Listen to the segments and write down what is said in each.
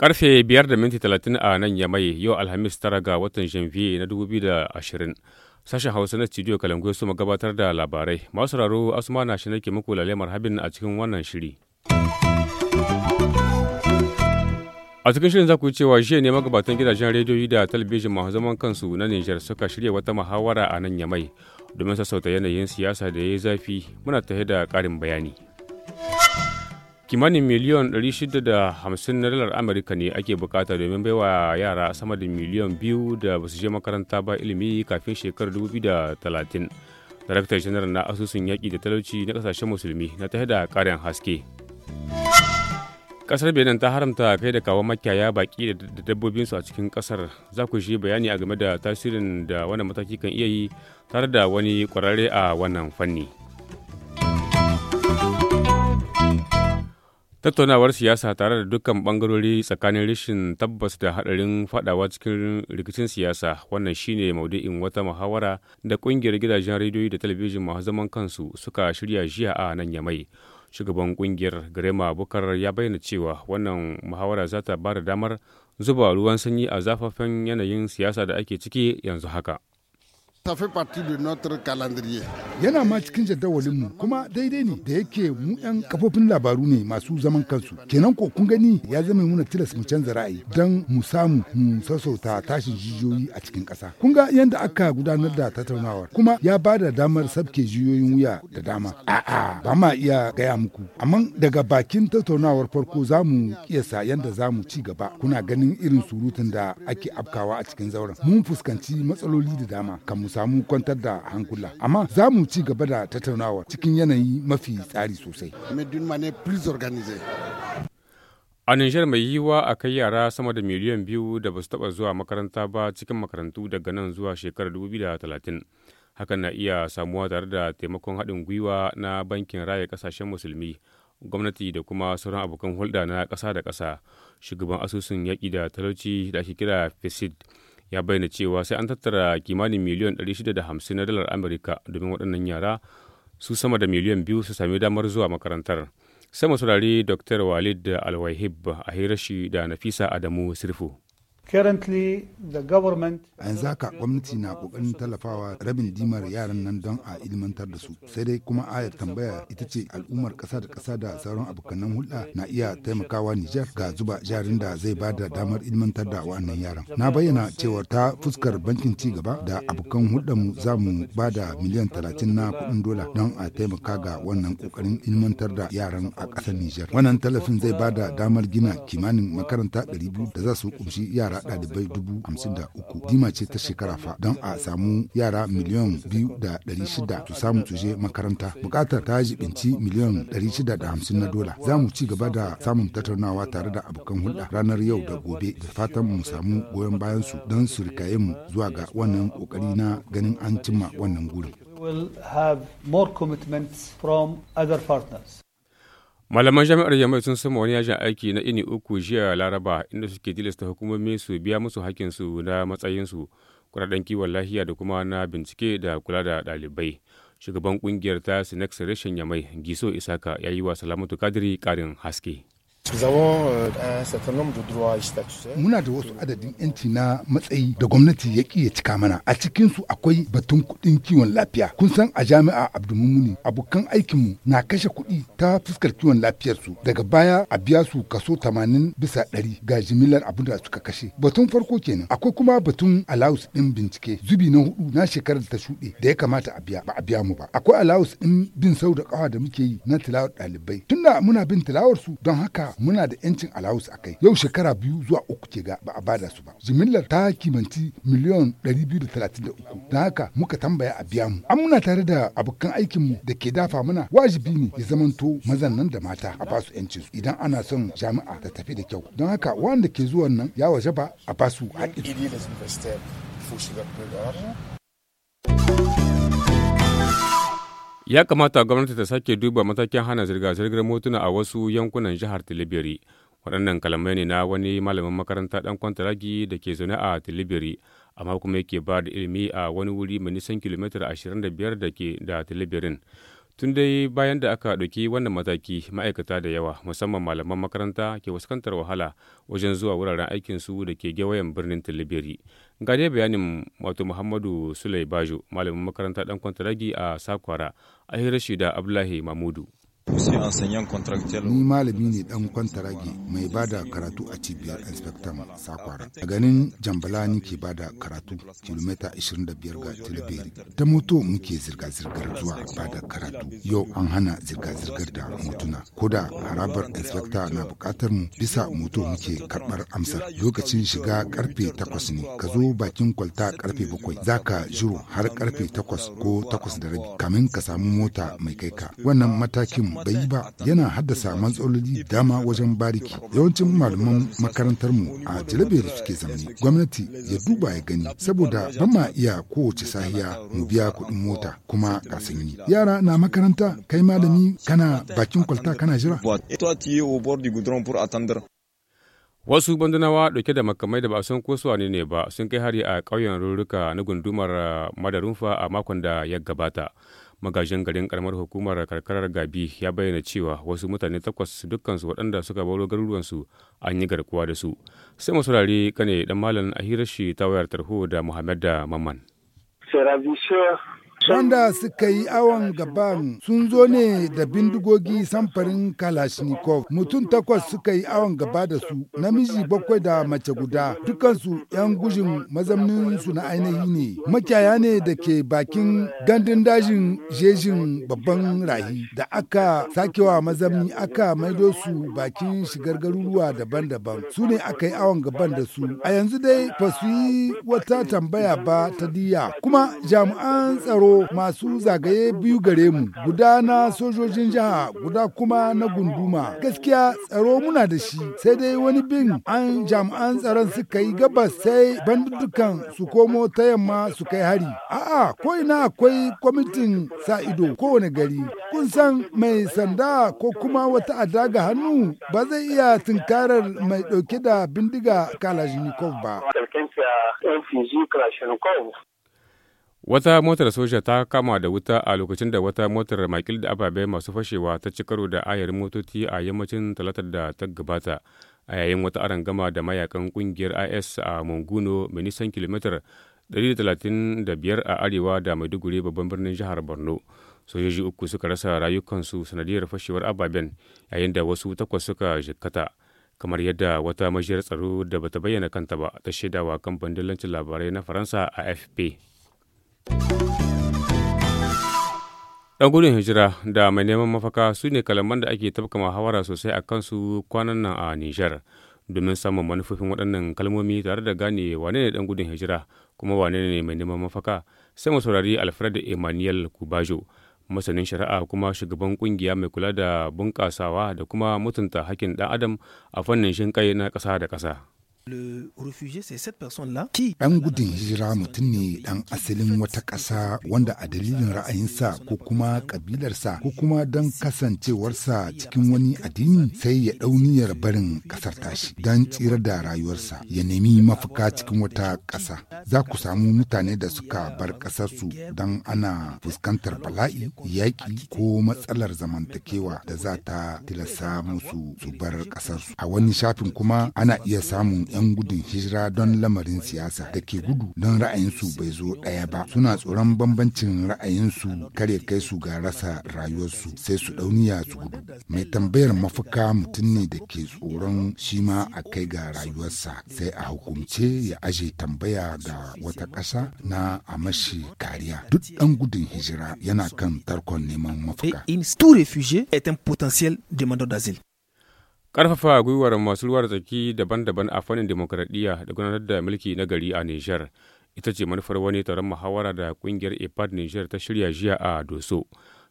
Karfe 5 da minti talatin a nan ya Yamai yau Alhamis tara ga watan Janvier na da 2020. Sashen Hausa na Studio Kalangu su gabatar da labarai. Masu raro Asuma na shi nake muku lalemar habin a cikin wannan shiri. A cikin shirin za ku cewa jiya ne magabatan gidajen rediyoyi da talabijin masu zaman kansu na Nijar suka shirya wata muhawara a nan Yamai domin sassauta yanayin siyasa da ya zafi muna tafe da karin bayani. Kimanin miliyon 650 na dalar Amurka ne ake bukata domin baiwa yara sama da miliyon biyu da basu je makaranta ba ilimi kafin shekarar 2030. Daraktar janar na asusun yaƙi da talauci na kasashen musulmi na tahe da karin haske. kasar benin ta haramta kai da kawo makiyaya baki da dabbobinsu a cikin kasar za ku shi bayani a game da tasirin da wannan mataki kan iya yi tare da wani kwararre a wannan fanni tattaunawar siyasa tare da dukkan bangarori tsakanin rashin tabbas da hadarin fadawa cikin rikicin siyasa wannan shine maudu'in wata muhawara da kungiyar gidajen rediyo da talabijin masu zaman kansu suka shirya jiya a nan yamai shugaban kungiyar grema bukar ya bayyana cewa wannan muhawara za ta ba da damar zuba ruwan sanyi a zafafen yanayin siyasa da ake ciki yanzu haka ta fi parti de notre calendrier. Yana ma cikin jadawalinmu kuma daidai ne da yake mu 'yan kafofin labaru ne masu zaman kansu. Kenan ko kun gani ya zama muna tilas mu canza ra'ayi don mu samu mu sassauta tashin jijiyoyi a cikin ƙasa. Kun ga yadda aka gudanar da tattaunawar kuma ya ba da damar sabke jijiyoyin wuya da dama. A'a ba ma iya gaya muku. Amma daga bakin tattaunawar farko za mu kiyasa yadda za mu ci gaba. Kuna ganin irin surutun da ake afkawa a cikin zauren. Mun fuskanci matsaloli da dama kan samu kwantar da hankula amma za mu ci gaba da tattaunawa cikin yanayi mafi tsari sosai a nijar mai wa a kai yara sama da miliyan biyu da ba su taɓa zuwa makaranta ba cikin makarantu daga nan zuwa shekarar 2030 hakan na iya samuwa tare da taimakon haɗin gwiwa na bankin raya ƙasashen musulmi gwamnati da kuma sauran abokan hulɗa na ƙasa da ƙasa shugaban asusun yaƙi da talauci da ake kira fesid ya bayyana cewa sai an tattara kimanin miliyan 650 na dalar amurka domin waɗannan yara su sama da miliyan biyu su sami damar zuwa makarantar sama saurari dr walid alwahib a hirashi da nafisa adamu sirfu yanzu haka gwamnati na kokarin tallafawa rabin dimar yaran nan don a ilmantar da su sai dai kuma ayar tambaya ita ce al'ummar ƙasa da ƙasa da sauran abokanan hulɗa na iya taimakawa nijar ga zuba jarin da zai ba da damar ilmantar da wannan yaran na bayyana cewar ta fuskar bankin ci gaba da abokan hulɗar mu za mu ba da miliyan talatin na kuɗin dola don a taimaka ga wannan kokarin ilmantar da yaran a ƙasar nijar wannan tallafin zai ba da damar gina kimanin makaranta ɗari biyu da za su ƙunshi yara dalibai ɗalibai dubu hamsin da uku dima ce ta shekara fa don a samu yara miliyan biyu da ɗari shida su samu su makaranta buƙatar ta jibinci miliyan ɗari shida da hamsin na dola za mu ci gaba da samun tattaunawa tare da abokan hulɗa ranar yau da gobe da fatan mu samu goyon bayan su don su rikaye mu zuwa ga wannan kokari na ganin an cimma wannan gurin. will have more commitments from other partners. malaman jami'ar yamai sun sama wani yajin aiki na ini uku jiya laraba inda suke tilasta hukumomi su biya musu hakinsu na matsayinsu kuɗaɗen kiwon lafiya da kuma na bincike da kula da ɗalibai shugaban kungiyar ta sinex rashin yamai giso isaka ya yi wa salamatu kadiri karin haske E, e, muna da wasu adadin 'yanci na matsayi da gwamnati ya ƙi ya cika mana. A cikinsu akwai batun kuɗin kiwon lafiya. Kun san a jami'a Abdulmumuni abokan aikinmu na kashe kuɗi ta fuskar kiwon lafiyarsu. Daga baya a biya su kaso tamanin bisa 100 ga jimilar abin da suka kashe. Batun farko kenan. Akwai kuma batun alawus ɗin bincike. Zubi na hudu na shekarar da ta shuɗe da ya kamata a biya ba a biya mu ba. Akwai alawus ɗin bin sau da ƙawa da muke yi na tilawar ɗalibai. Tunda muna bin tilawarsu don haka muna da yancin alawus a kai yau shekara biyu zuwa uku ke ga ba a bada su ba jimillar ta kimanci miliyon 233 don haka muka tambaya a biya mu an muna tare da abokan mu da ke dafa mana wajibi ne ya zamanto mazan nan da mata a basu yancin su idan ana son jami'a ta tafi da kyau don haka wanda ke zuwan nan ya waje ba a basu haƙƙi. Ya kamata gwamnati ta sake duba matakin hana zirga-zirgar motuna a wasu yankunan jihar Tilibiri. Waɗannan kalamai ne na wani malamin makaranta ɗan kwantaragi da ke zaune a Tilibiri, amma kuma yake ba da ilimi a wani wuri mai nisan kilomita 25 da ke da Tilibirin. Tun dai bayan da aka ɗauki wannan mataki ma'aikata da yawa musamman malaman makaranta ke fuskantar wahala wajen zuwa wuraren aikinsu da ke gewayen birnin Tilibiri. Ga dai bayanin wato Muhammadu Sulai Bajo malamin makaranta ɗan kwantaragi a Sakwara a hirar da Abdullahi Mamudu. Ni malami ne dan kwantarage mai bada karatu a cibiyar inspector Sakwara. A ganin Jambala ni ke bada karatu kilomita 25 ga Tilaberi. Ta moto muke zirga-zirgar zuwa bada karatu. Yau an hana zirga-zirgar da motuna. da harabar inspector na bukatar mu bisa moto muke karbar amsar. Lokacin shiga karfe 8 ne. Ka zo bakin kwalta karfe 7 za ka har karfe 8 ko 8 da rabi kamin ka samu mota mai kai ka. Wannan matakin bai ba yana haddasa matsaloli dama wajen bariki yawancin malaman makarantar mu a da suke zamani gwamnati ya duba ya gani saboda ban ma iya kowace sahiya mu biya kuɗin mota kuma ga sanyi yara na makaranta kai malami kana bakin kwalta kana jira wasu bandunawa dauke da makamai da ba san ko su ne ba sun kai hari a ƙauyen rurruka na gundumar eh, madarunfa a makon da ya gabata magajin garin karamar hukumar karkarar gabi ya bayyana cewa wasu mutane takwas dukansu waɗanda suka bauro garuruwansu an yi garkuwa da su sai masu saurari kane dan malam a shi ta wayar tarho da muhammad da mamman wanda suka yi awon gaban sun zo ne da bindigogi samfarin kalashnikov mutum takwas suka yi awon gaba da su namiji bakwai da mace guda dukansu 'yan gujin su na ainihi ne makiyaya ne da ke bakin gandun dajin jejin babban rahi da aka sakewa mazamni aka maido su bakin shigar garuruwa daban-daban su ne aka yi awon gaban da su a yanzu dai ba su yi wata tambaya ba ta diya kuma jami'an tsaro masu zagaye biyu gare mu guda na sojojin jiha guda kuma na gunduma gaskiya tsaro muna da shi sai dai wani bin an jami'an tsaron suka yi gabas sai bandukan su komo ta yamma su kai hari a'a ko ina akwai kwamitin sa ido kowane gari kun san mai sanda ko kuma wata ada ga hannu ba zai iya tunkarar mai dauke da bindiga kalashnikov ba Wata motar soja ta kama da wuta a lokacin da wata motar makil da ababe masu fashewa ta ci karo da ayar motoci a yammacin talatar da ta gabata a yayin wata gama da mayakan kungiyar IS a Munguno mai nisan kilomitar 135 a arewa da Maiduguri babban birnin jihar Borno. Sojoji uku suka rasa rayukansu sanadiyar fashewar ababen yayin da wasu takwas suka jikkata. kamar yadda wata majiyar tsaro da bata bayyana kanta ba ta shaidawa kamfanin dillancin labarai na faransa a afp Ɗan gudun hijira da mai neman mafaka su ne kalaman da ake tafka muhawara sosai a kansu kwanan nan a Nijar. Domin samun manufofin waɗannan kalmomi tare da gane wane ne ɗan gudun hijira kuma wane ne mai neman mafaka sai mu saurari Alfred Emmanuel Kubajo, masanin shari'a kuma shugaban ƙungiya mai kula da bunƙasawa da kuma mutunta haƙƙin ɗan adam a fannin shinkai na ƙasa da ƙasa. Ɗan gudun hijira mutum ne ɗan asalin wata ƙasa wanda a dalilin ra'ayinsa ko kuma ƙabilarsa ko kuma don kasancewarsa cikin wani addini sai ya ɗauniyar barin ƙasar tashi don tsira da rayuwarsa ya nemi mafaka cikin wata ƙasa. Za ku samu mutane da suka bar ƙasarsu don ana fuskantar bala'i, yaƙi ko matsalar zamantakewa da za ta tilasta musu su bar ƙasarsu. A wani shafin kuma ana iya samun 'yan gudun hijira don lamarin siyasa da ke gudu don ra'ayinsu bai zo ɗaya ba suna tsoron bambancin ra'ayinsu kare kai su ga rasa rayuwarsu sai su dauniya su gudu mai tambayar mafuka mutum ne da ke tsoron shi ma a kai ga rayuwarsa sai a hukumce ya aje tambaya ga wata ƙasa na a mashi kariya duk ɗan gudun hijira yana kan tarkon neman mafuka. tout réfugié karfafa gwiwar masu ruwa da tsaki daban-daban a fannin dimokuraɗiyya da gudanar da mulki na gari a Nijar ita ce manufar wani taron muhawara da ƙungiyar EPAD Nijar ta shirya jiya a Doso.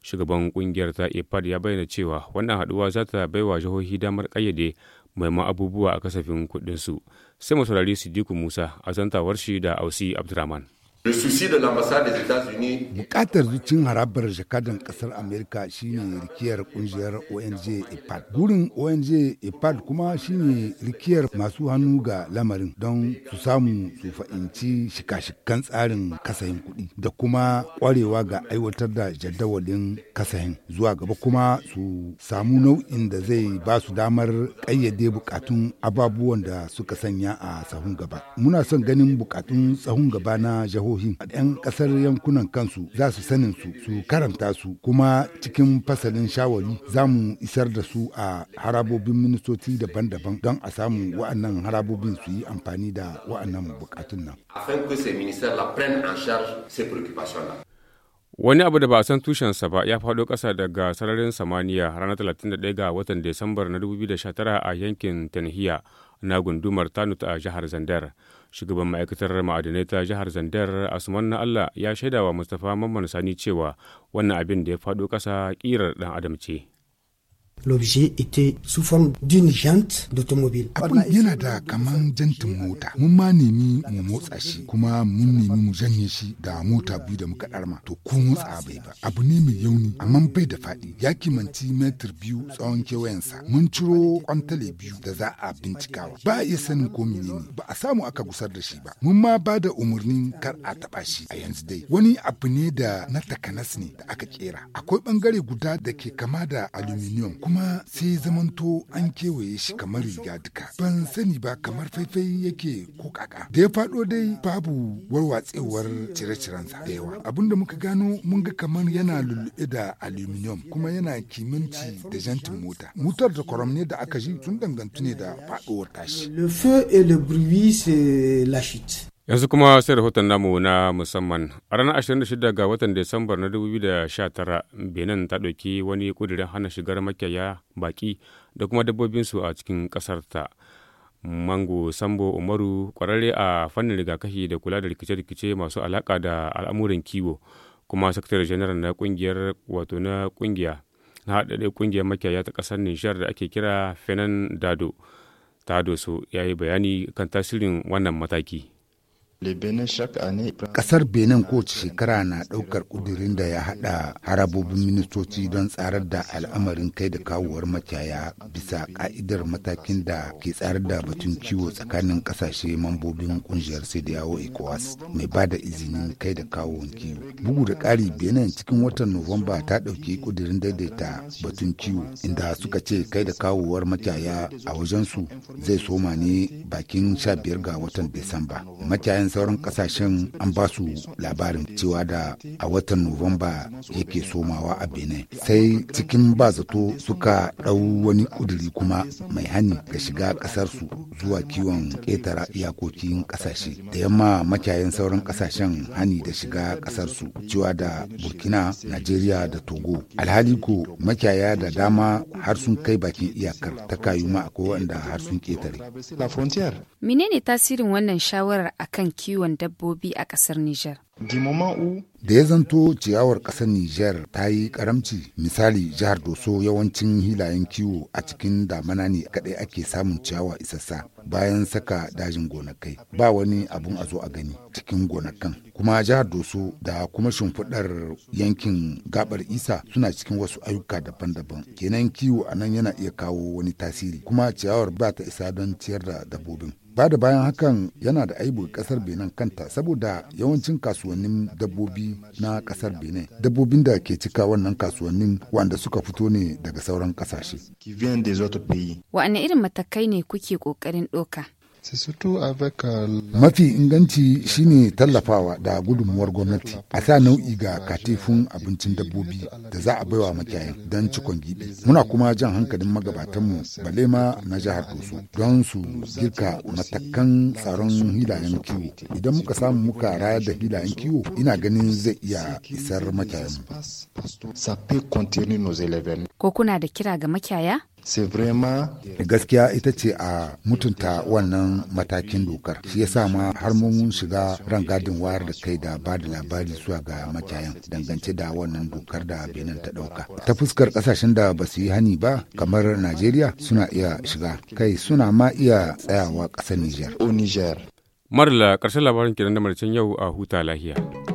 Shugaban ƙungiyar ta EPAD ya bayyana cewa wannan haɗuwa za ta wa jihohi damar ƙayyade maimakon abubuwa a kasafin kuɗinsu. Sai masu saurari Sidiku Musa a zantawar shi da Ausi Abdurrahman. le Bukatar zucin harabar jakadan kasar Amerika shine rikiyar kungiyar ONG EPAD. Gurin ONG EPAD kuma shine rikiyar masu hannu ga lamarin don su samu su fa'inci shika-shikan tsarin kasahin kuɗi da kuma ƙwarewa ga aiwatar da jadawalin kasahin zuwa gaba kuma su samu nau'in da zai ba su damar ƙayyade bukatun ababuwan da suka sanya a sahun gaba. Muna son ganin bukatun sahun gaba na jahohi. a yan kasar yankunan kansu za su sanin su su karanta su kuma cikin fasalin shawari za mu isar da su a harabobin ministoci daban-daban don a samu wa'annan harabobin su yi amfani da wa'annan bukatun nan. Wani abu da ba a san tushensa ba ya faɗo ƙasa daga sararin samaniya ranar 31 ga watan Desambar na 2019 a yankin Tanhiya. na gundumar tanut a jihar zandar shugaban ma'aikatar ma'adanai ta jihar zandar asuman na allah ya shaidawa mustapha mamman sani cewa wannan abin da ya faɗo ƙasa ƙirar ɗan adam ce l'objet était sous forme d'une jante d'automobile. Abin yana da kaman jantin mota. Mun ma nemi mu motsa shi kuma mun nemi mu janye shi da mota biyu da muka ɗarma. To ko motsa bai ba. Abu ne mai yauni amma bai da faɗi. Ya kimanci metir biyu tsawon kewayensa. Mun ciro kwantale biyu da za a bincikawa. Ba a iya sanin ko menene. Ba a samu aka gusar da shi ba. Mun ma ba da umarnin kar a taba shi a yanzu dai. Wani abu ne da na takanas ne da aka kera. Akwai bangare guda da ke kama da aluminium kuma sai zamanto an kewaye shi kamar riga duka ban sani ba kamar faifai yake ko kaka da ya faɗo dai babu warwatsewar cire-cirensa da yawa abinda muka gano mun ga kamar yana lulluɓe da aluminium kuma yana kiminci da jantin mota motar da kwaram ne da aka ji sun dangantu ne da faɗowar tashi le feu et le bruit c'est la chute Yanzu kuma sai rahoton namu na musamman. A ranar 26 ga watan Disambar na 2019, Benin ta ɗauki wani ƙudurin hana shigar makiyaya baƙi da kuma dabbobinsu a cikin ƙasarta. Mango Sambo Umaru ƙwararre a fannin rigakafi da kula da rikice-rikice masu alaƙa da al'amuran kiwo, kuma sakatare janar na ƙungiyar wato na ƙungiya na haɗaɗe ƙungiyar makiyaya ta ƙasar Nijar da ake kira Fenan Dado. ta doso ya yi bayani kan tasirin wannan mataki. Kasar Benin kowace shekara na ɗaukar ƙudurin da ya haɗa harabobin ministoci don tsarar da al'amarin kai da kawuwar makiyaya bisa ƙa'idar matakin da ke tsarar da batun kiwo tsakanin ƙasashe mambobin ƙungiyar CDAO ECOWAS mai ba da izinin kai da kawowar kiwo. Bugu da ƙari Benin cikin watan Nuwamba ta ɗauki ƙudurin daidaita batun kiwo inda suka ce kai da kawuwar makiyaya a wajensu zai soma ne bakin sha biyar ga watan Disamba. Makiyayan bayan sauran kasashen an ba su labarin cewa da a watan nuwamba yake somawa a benin sai cikin ba zato suka ɗau wani ƙuduri kuma mai hani ga shiga ƙasarsu zuwa kiwon ƙetara iyakokin ƙasashe da yamma makiyayen sauran ƙasashen hani da shiga ƙasarsu cewa da burkina najeriya da togo alhali ko makiyaya da dama har sun kai bakin iyakar ta kayuma ma akwai wanda har sun ƙetare menene tasirin wannan shawarar akan kiwon dabbobi a ƙasar Nijar. Da ya zanto ciyawar ƙasar Nijar ta yi karamci misali jihar Doso yawancin hilayen kiwo a cikin damana ne kaɗai ake samun ciyawa isassa bayan saka dajin gonakai ba wani abun a zo a gani cikin gonakan kuma jihar Doso da kuma shimfiɗar yankin gabar isa suna cikin wasu ayyuka daban-daban kenan kiwo a nan yana iya kawo wani tasiri kuma ciyawar ba ta isa don ciyar da dabbobin ba da bayan hakan yana da aibu kasar benin kanta saboda yawancin kasuwannin dabbobi na kasar benin dabbobin da ke cika wannan kasuwannin wanda suka fito ne daga sauran kasashe wa'anne irin matakai ne kuke kokarin doka Euh, Mafi inganci shine tallafawa da gudunmuwar gwamnati a sa nau'i ga katifun abincin dabbobi da za a baiwa makiyayan don cikon gibi. Muna kuma jan hankalin magabatanmu bale ma na jihar Doso don su girka matakan tsaron hilayen kiwo. Idan muka samu muka raya da hilayen kiwo ina ganin zai iya isar makiyayan. Ko kuna da kira ga makiyaya? gaskiya ita ce a mutunta wannan matakin dokar shi yasa ma har mun shiga rangadin wayar da kai da ba da labari zuwa ga makiyayan dangance da wannan dokar da benin ta dauka ta fuskar kasashen da ba su yi hani ba kamar najeriya suna iya shiga kai suna ma iya tsayawa kasar niger Marla, karshen labarin kiran da yau a huta lahiya.